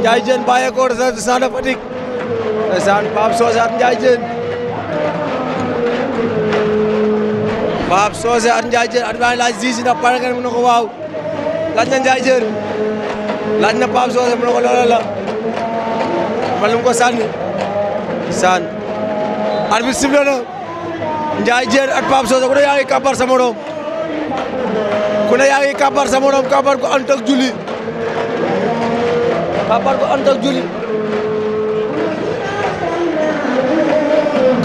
Ndiaye Diène bàyyeekoo desaan a Fatick desaan Pape Socé ak Ndiaye Diène Pape Socé ak Ndiaye at maa laaj ziizi ndax pare ngeen ko waaw laaj na Ndiaye Diène laaj na Pape Socé mën ko loola la man ko sànni sànni arbitre sifflé na Ndiaye Diène ak Pape Socé ku ne yaa ngi kàbbar ku ne yaa ngi kàbbar sa morom ko ànd ak julli kabar gu ànd ak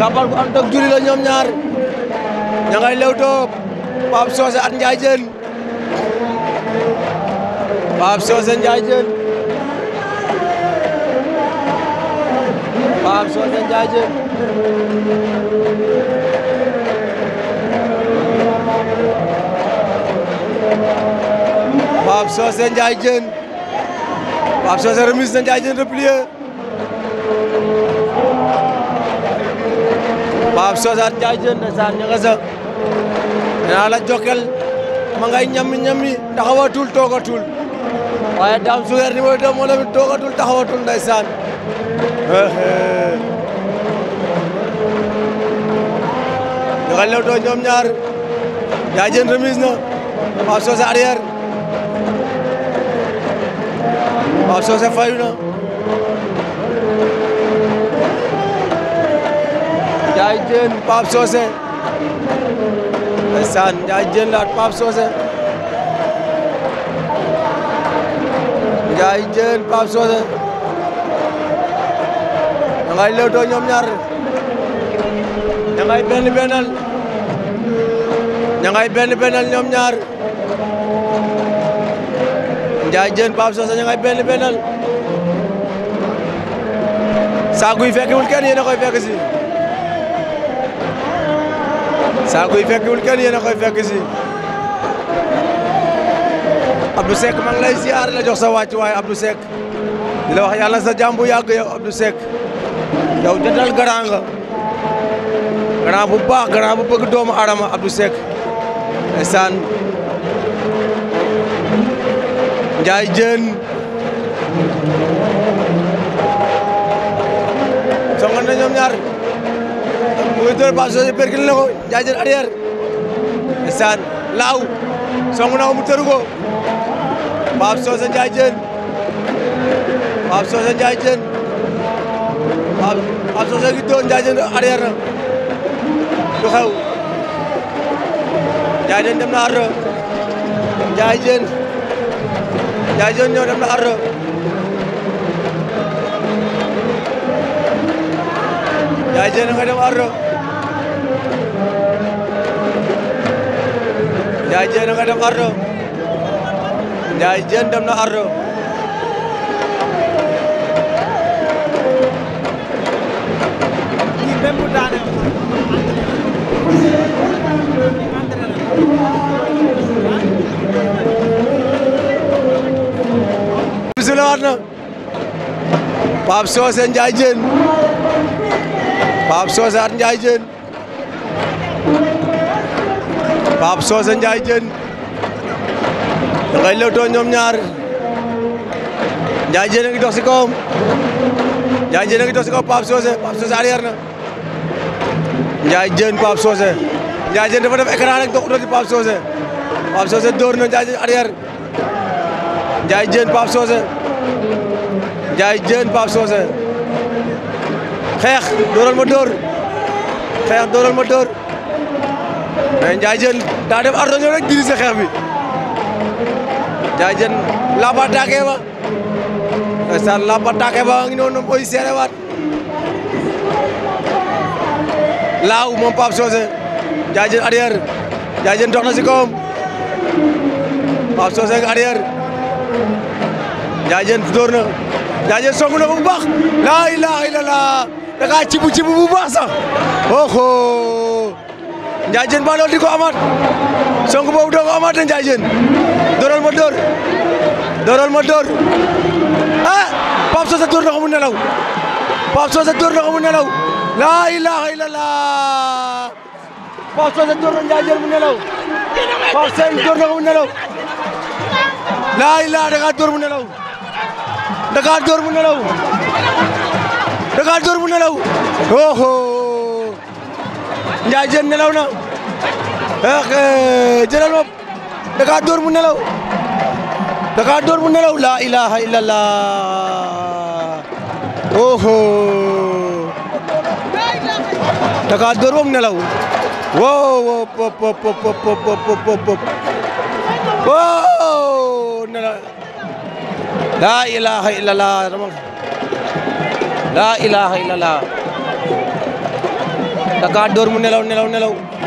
kabar gu ànd ak julli la ñaar ña ngay lewtoo Pape Socé ak Ndiaye Diène Pape Socé Ndiaye Diène Pape Socé Ndiaye Pape Socé remise na Ndiaye jël replier Pape Socé ak Ndiaye jël ndeysaan ña nga sa naa la jokkel ma ngay ñammi ñammi taxawatul toogatul waaye Dame Souguer numéro 2 moo leen toogatul taxawatul ndeysaan ñu ngi lew too ñoom ñaar Ndiaye jël remise na Pape Socé arrière waaw Socé fayu na Ndiaye Diène Pape Socé ndeysaan Ndiaye Diène laat Pape Socé Ndiaye Diène Pape Socé da ngay lewtoo ñoom ñaar da ngay benn bennal da ngay benn bennal ñoom ñaar Ndiaye Diène Pape Socé ña ngay benn bennal saaku yi fekkiwul kenn koy fekk si saaku yi fekkiwul kenn koy fekk si Abdou Seck ngi lay ziar la jox sa wàccuwaay Abdou Seck di la wax yàlla sa jàmm bu yàgg yow Abdou Seck yow jotal bu baax garaan bu bëgg doomu aadama Abdou Seck ndeysaan Njaay Jeen songoon na ñoom ñaar mu ngi door passe soosu perkil na ko Njaay Jeen arrière laaw songu na ko mu tëru ko Pape Socé Njaay Jeen Pape Socé Njaay Jeen Pape Socé gi doon Njaay Jeen arrière na du xew Njaay Jeen dem na ar Njaay Ndiaye Jr ñëw dem na ardo Ndiaye Jr nga dem ardo Ndiaye Jr nga dem ardo Ndiaye Jr dem na ardo même bu daane Pape Socé Ndiaye Diène Pape Socé at Ndiaye Diène Pape Socé Ndiaye Diène da ngay lewtoo ñoom ngi dox si kawam Ndiaye Diène a ngi dox si kawam Pape Socé Pape Socé arrière na Ndiaye Diène Pape Socé Ndiaye Diène dafa def écran rek dox dooti Pape Socé Pape Socé dóor na Ndiaye Diène arrière Ndiaye Diène Pape Socé Ndiaye Diène Pape Socé xeex dooral ma dóor xeex dooral ma dóor mais Ndiaye Diène daa dem ardo ñëw rek dirigé xeex bi Ndiaye Diène làmba taakee ba ndeysaan ba ngi noonu boy seere waat laaw moom Pape Socé Ndiaye Diène arrière Ndiaye Diène dox na si kawam Pape Socé nga arrière Ndiadiène door na Ndiadiène songu na ko bu laa ilaaha illallah da kaa cibu cibu bu baax sax oho Ndiadiène ba loolu di ko amaat songu boobu doo ko amaat Ndiadiène dooral ma door dooral ma door ah Pape Socé door na ko mu nelaw Pape Socé door na ko mu nelaw laa ilaaha illallah Pape Socé door na Ndiadiène mu nelaw Pape Socé door na ko mu laa ilaaha da door mu nelaw Dakar door mu nelaw Dakar door mu nelaw oho Ndiaye Diène nelaw na eh, jëlal ma Dakar door mu nelaw nelaw la ilaha illallah oho Dakar door mu nelaw wow wow pop pop laa ilaaha illallah laa ilaaha illallah da ka door mu nelaw nelaw nelaw